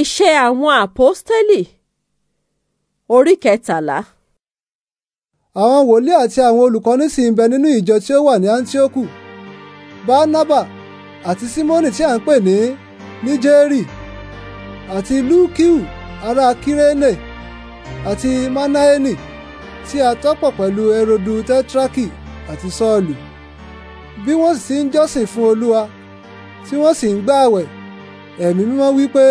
Iṣẹ́ àwọn àpọ́stélì orí kẹtàlá. Àwọn wòlíì àti àwọn olùkọ́ni sì ń bẹ nínú ìjọ tí ó wà ní Áńtíókù. Bánábà àti Símónì tí à ń pè ní Níjérì àti Lúkìù ará Kírénè àti Mánáẹ́nì tí a tọ́pọ̀ pẹ̀lú Erodu Tẹ́trákì àti Sọ́ọ̀lù. Bí wọ́n sì ń jọ́sìn fún Olúwa tí wọ́n sì ń gbààwẹ̀, ẹ̀mí mímọ́ wí pé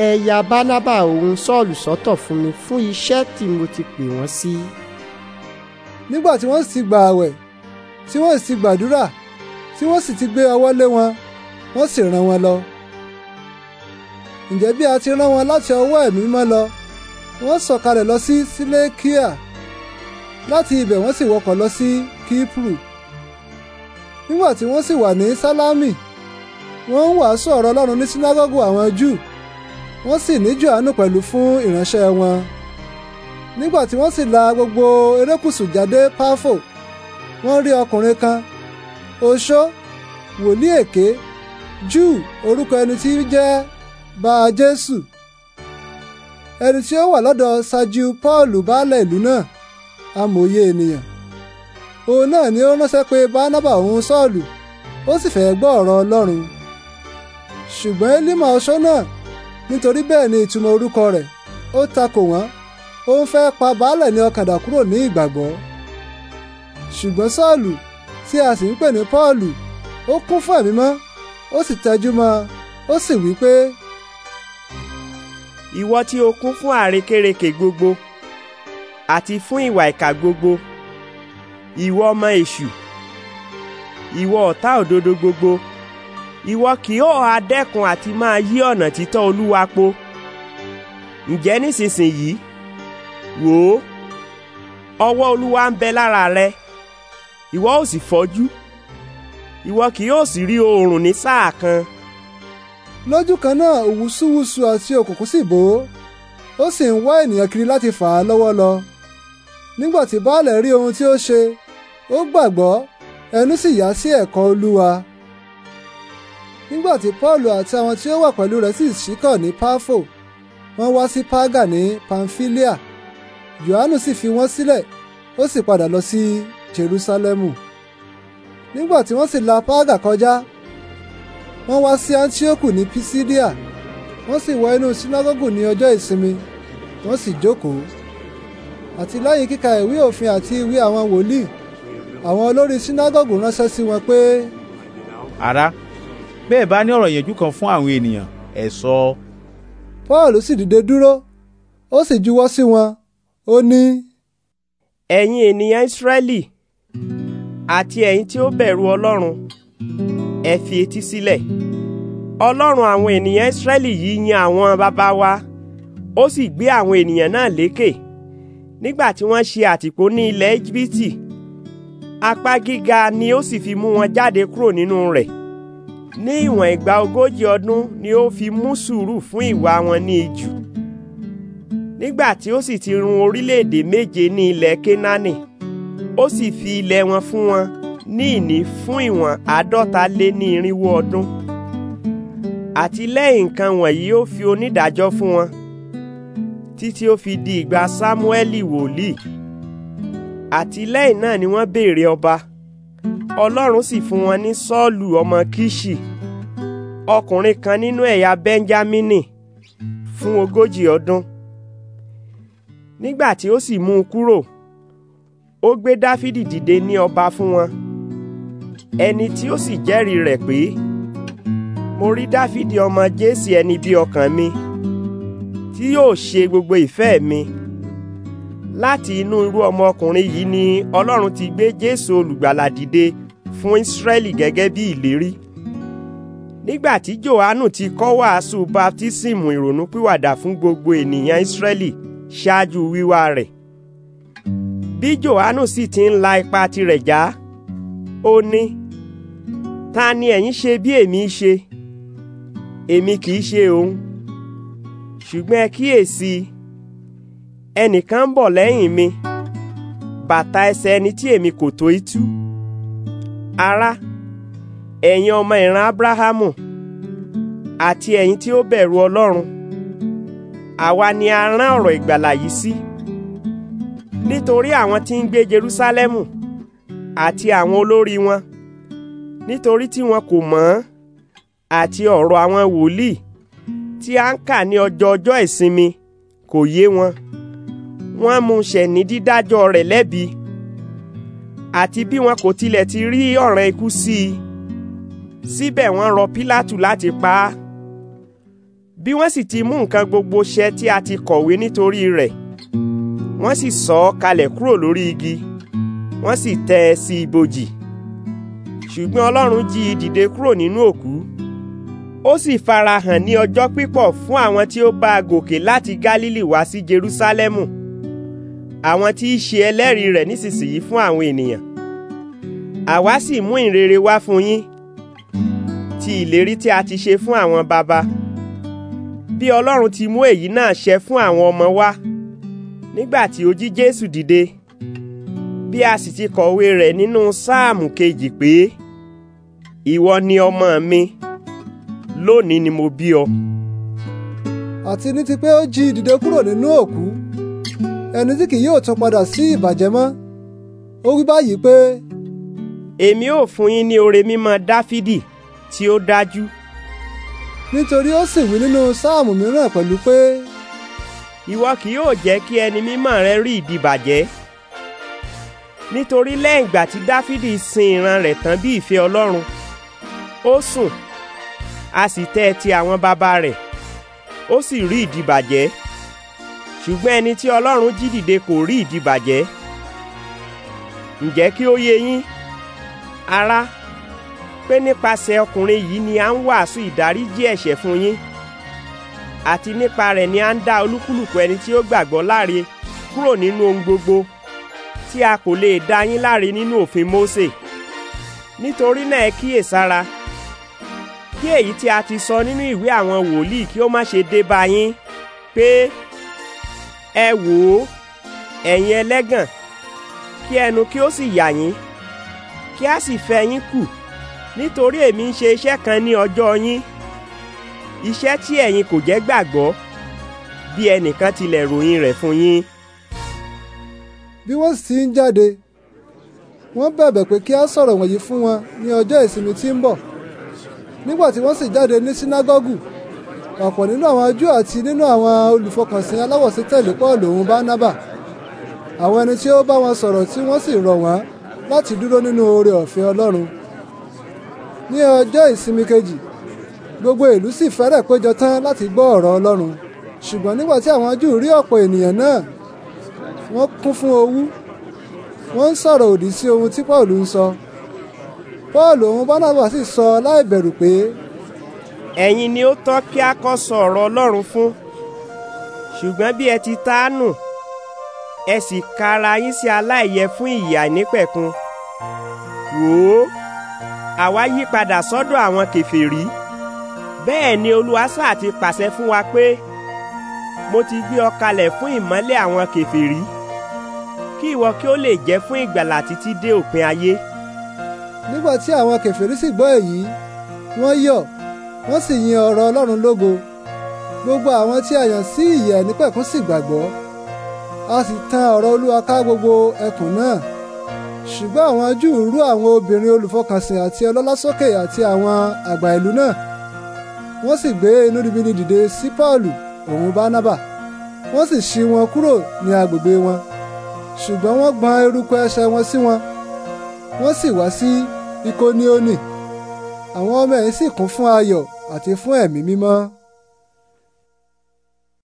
ẹ ya bánábà òun sọ́ọ̀lù sọ́tọ̀ fún mi fún iṣẹ́ tí mo ti pè wọ́n sí. nígbà tí wọ́n sì gba àwẹ̀ tí wọ́n sì gbàdúrà tí wọ́n sì ti gbé ọwọ́ lé wọn wọ́n sì rán wọn lọ. ǹjẹ́ bí a ti rán wọn láti ọwọ́ ẹ̀mí mọ́ lọ wọ́n sọ̀kalẹ̀ lọ sí sílékíà láti ibẹ̀ wọ́n sì wọkọ̀ lọ sí kíprù nígbà tí wọ́n sì wà ní sálámì wọ́n ń wàásù ọ̀rọ̀ ọlọ́run ní sínágọ́gù àwọn júù wọ́n sì ní Jòhánù pẹ̀lú fún ìránṣẹ́ wọn nígbà tí wọ́n sì la gbogbo erékùṣù jáde Páfò wọ́n rí ọkùnrin kan oṣó wòlíì èké Júù orúkọ ẹni tí jẹ́ bá Jésù ẹni tí ó wà lọ́dọ̀ ṣáájú Pọ́ọ̀lù baálẹ̀ ìlú náà amòye ènìyàn òun náà ni ó ránṣẹ́ pé Bánábà òun Sọ́ọ̀lù ó sì fẹ́ gbọ́ ọ̀rọ̀ Ọlọ́run ṣùgbọ́n Élímà ọ̀ṣọ́ náà nítorí bẹ́ẹ̀ ni ìtumọ̀ orúkọ rẹ̀ ó takò wọ́n ó ń fẹ́ pa baálẹ̀ ní ọkàn dà kúrò ní ìgbàgbọ́ ṣùgbọ́n sọ́ọ̀lù tí a sì ń pè ní pọ́ọ̀lù ó kún fún ẹ̀mí mọ́ ó sì tẹjú mọ́ ó sì wí pé. ìwọ tí o kún fún àrékérekè gbogbo àti fún ìwà ìkà gbogbo ìwọ ọmọ èṣù ìwọ ọ̀tá òdodo gbogbo ìwọ kì ó ha dẹ́kun àti máa yí ọ̀nà títọ́ olúwa po ǹjẹ́ nísinsìnyí wò ó ọwọ́ olúwa ń bẹ lára rẹ ìwọ ó sì fọ́jú ìwọ kì yóò sì rí oòrùn ní sáà kan. lójú kan náà òwúsúwúsú àti òkùnkùn sì bò ó ó sì ń wá ènìyàn kiri láti fà á lọ́wọ́ lọ nígbà tí baálẹ̀ rí ohun tí ó ṣe ó gbàgbọ́ ẹnu sì yá sí ẹ̀kọ́ olúwa nígbà tí paul àti àwọn tí ó wà pẹ̀lú rẹ̀ sì ṣíkọ̀ ní páfò wọ́n wá sí págà ní pamfilia johannu sì fi wọ́n sílẹ̀ ó sì padà lọ sí jerusalemu nígbà tí wọ́n sì la págà kọjá wọ́n wá sí antioku ní pisidia wọ́n sì wọ inú sinagogu ní ọjọ́ ìsinmi wọ́n sì jókòó àti lẹ́yìn kíka ìwé òfin àti ìwé àwọn wòlíì àwọn olórí sinagogu ránṣẹ́ sí wọn pé. ara bẹ́ẹ̀ bá ní ọ̀rọ̀ ìyànjú kan fún àwọn ènìyàn ẹ sọ. Paul sì dìde dúró ó sì juwọ́ sí wọn ó ní. ẹ̀yin ènìyàn Ísírẹ́lì àti ẹ̀yin tí ó bẹ̀rù Ọlọ́run ẹ fi etí sílẹ̀ Ọlọ́run àwọn ènìyàn Ísírẹ́lì yìí yan àwọn bàbá wa ó sì gbé àwọn ènìyàn náà lékè nígbà tí wọ́n ṣe àtìpó ní ilẹ̀ Íjíbítì apá gíga ni ó sì fi mú wọn jáde kúrò nínú rẹ̀ ní ìwọ̀n ìgbà ogójì ọdún ni ó fi mú sùúrù fún ìwà wọn ní ijù nígbà tí ó sì ti run orílẹ̀-èdè méje ní ilẹ̀ kénáánì ó sì fi ilẹ̀ wọn fún wọn ní ìní fún ìwọ̀n àádọ́ta lé ní irinwó ọdún àti lẹ́yìn nǹkan wọ̀nyí ó fi onídàájọ́ fún wọn títí ó fi di ìgbà sámúẹ́lì wòlíì àti lẹ́yìn náà ni wọ́n béèrè ọba ọlọ́run sì fún wọn ní sọ́ọ̀lù ọmọ kíṣì ọkùnrin kan nínú ẹ̀yà bẹ́ńjámínì fún ogójì ọdún nígbà tí ó sì mú un kúrò ó gbé dáfídì dìde ní ọba fún wọn ẹni tí ó sì jẹ́rìí rẹ̀ pé mo rí dáfídì ọmọ jésì ẹni bí ọkàn mi tí yóò ṣe gbogbo ìfẹ́ mi láti inú irú ọmọkùnrin yìí ni ọlọ́run ti gbé jésù olùgbàlà dìde fún Ísírẹ́lì gẹ́gẹ́ bí ìlérí nígbà tí Jòhánù ti kọ́ wàásù báptísìmù ìrònúpìwàdà fún gbogbo ènìyàn Ísírẹ́lì ṣáájú wíwá rẹ̀ bí Jòhánù sì ti ń la ipa tirẹ̀ já ó ní ta ni ẹ̀yin ṣe bí èmi ṣe èmi kì í ṣe òun ṣùgbọ́n ẹ kíyèsí ẹnìkan ń bọ̀ lẹ́yìn mi bàtà ẹsẹ̀ ẹni tí èmi kò tó itú ará ẹ̀yin ọmọ ìran abrahamu àti ẹ̀yin tí ó bẹ̀rù ọlọ́run àwa ni a rán ọ̀rọ̀ ìgbàlà yìí sí nítorí àwọn tí ń gbé jerúsálẹ́mù àti àwọn olórí wọn nítorí tí wọn kò mọ̀ àti ọ̀rọ̀ àwọn wòlíì tí a ń kà ní ọjọ́ ọjọ́ ìsinmi kò yé wọn wọ́n mú ṣẹ̀ ní dídájọ́ rẹ̀ lẹ́bi àti bí wọn kò tilẹ̀ ti rí ọ̀ràn ikú sí i síbẹ̀ wọ́n rọ Pílátù láti pa á bí wọ́n sì ti mú nǹkan gbogbo ṣẹ tí a ti kọ̀wé nítorí rẹ̀ wọ́n sì sọ ọ́ kalẹ̀ kúrò lórí igi wọ́n sì tẹ́ ẹ sí ibojì ṣùgbọ́n Ọlọ́run jí i dìde kúrò nínú òkú ó sì farahàn ní ọjọ́ pípọ̀ fún àwọn tí ó bá a gòkè láti Gálílì wá sí Jerúsálẹ́mù àwọn tí í ṣe ẹlẹ́rìí rẹ̀ nísinsìnyí fún àwọn ènìyàn àwa sì mú ìrere wá fún yín ti ìlérí tí a ti ṣe fún àwọn baba bí ọlọ́run ti mú èyí náà ṣẹ fún àwọn ọmọ wa nígbà tí ó jí jésù dìde bí a sì ti kọ̀wé rẹ̀ nínú sáàmù kejì pé ìwọ ni ọmọ mi lónìí ni mo bí ọ. àti ní ti pé ó jí dìde kúrò nínú òkú. No ẹni tí kì yóò tún padà sí ìbàjẹ́ mọ́ ó wí báyìí pé. èmi ò fún yín ní oore mímọ́ dáfídì tí ó dájú. nítorí ó sì wí nínú sáàmù mìíràn pẹ̀lú pé. ìwọ kì yóò jẹ́ kí ẹni mímọ́ rẹ rí ìdìbàjẹ́ nítorí lẹ́yìn ìgbà tí dáfídì sin ìran rẹ̀ tán bí ìfẹ́ ọlọ́run ó sùn a sì tẹ́ ti àwọn bàbá rẹ̀ ó sì rí ìdìbàjẹ́ ṣùgbọ́n ẹni tí Ọlọ́run jí dìde kò rí ìdíbàjẹ́ ǹjẹ́ kí ó yé yín ará pé nípasẹ̀ ọkùnrin yìí ni a ń wàásù ìdáríjì ẹ̀ṣẹ̀ fún yín àti nípa rẹ̀ ni a ń dá olúkúlùkù ẹni tí ó gbàgbọ́ láre kúrò nínú ohun gbogbo tí a kò lè dá yín láre nínú òfin Mósè nítorí náà ẹ kíyèsára kí èyí tí a ti sọ nínú ìwé àwọn wòlíì kí ó má ṣe dé bá yín pé ẹ wò ó ẹ̀yin ẹlẹ́gàn kí ẹnu kí ó sì yà yín kí a sì fẹ́ yín kù nítorí èmi ń ṣe iṣẹ́ kan ní ọjọ́ yín iṣẹ́ tí ẹ̀yin kò jẹ́ gbàgbọ́ bí ẹnìkan tilẹ̀ ròyìn rẹ̀ fún yín. bí wọ́n sì ń jáde wọ́n bẹ̀bẹ̀ pé kí a sọ̀rọ̀ wọ̀nyí fún wọn ní ọjọ́ ìsinmi tí ń bọ̀ nígbà tí wọ́n sì jáde ní sínágọ́gù ọ̀pọ̀ nínú àwọn Júù àti nínú àwọn olùfọkànsìn aláwọ̀sí tẹ̀lé Pọ́ọ̀lù òun Bánábà àwọn ẹni tí ó bá wọn sọ̀rọ̀ tí wọ́n sì rọ̀ wọ́n láti dúró nínú oore ọ̀fẹ́ Ọlọ́run ní ọjọ́ ìsinmi kejì gbogbo ìlú sì fẹ́rẹ̀ péjọ tán láti gbọ́ ọ̀rọ̀ Ọlọ́run ṣùgbọ́n nígbà tí àwọn Júù rí ọ̀pọ̀ ènìyàn náà wọ́n kún fún owú wọ́n ń sọ̀rọ̀ òdì sí ohun tí Pọ́ọ̀lù ń sọ Pọ́ọ̀lù òun Bánábà sì sọ láìbẹ̀rù pé ẹ̀yin ni ó tọ́ kí a kọ́ sọ ọ̀rọ̀ Ọlọ́run fún ṣùgbọ́n bí ẹ ti ta ẹ sì kara yín sí aláìyẹ fún ìyà nípẹ̀kun wò ó àwa yí padà sọ́dọ̀ àwọn kèfèrí bẹ́ẹ̀ ni Olúwa sáà ti pàṣẹ fún wa pé mo ti gbé ọ kalẹ̀ fún ìmọ́lẹ̀ àwọn kèfèrí kí ìwọ kí ó lè jẹ́ fún ìgbàlà títí dé òpin ayé. nígbà tí àwọn kèfèrí sì gbọ́ èyí wọ́n yọ̀ wọ́n sì yin ọ̀rọ̀ Ọlọ́run lógo gbogbo àwọn tí a yàn sí ìyè ní pẹ̀kún sì gbàgbọ́ a sì tan ọ̀rọ̀ Olúwa ká gbogbo ẹkùn náà ṣùgbọ́n àwọn Júù rú àwọn obìnrin olùfọkànsìn àti ọlọ́lá sókè àti àwọn àgbà ìlú náà wọ́n sì gbé inú ribiri dìde sí Paulu òun Bánábà wọ́n sì ṣí wọn kúrò ní agbègbè wọn ṣùgbọ́n wọ́n gbọ́n eruku ẹsẹ̀ wọn sí wọn wọ́n sì wá sí Ikonioni àwọn ọmọ ẹ̀ sì kún fún ayọ̀ àti fún ẹ̀mí mímọ́.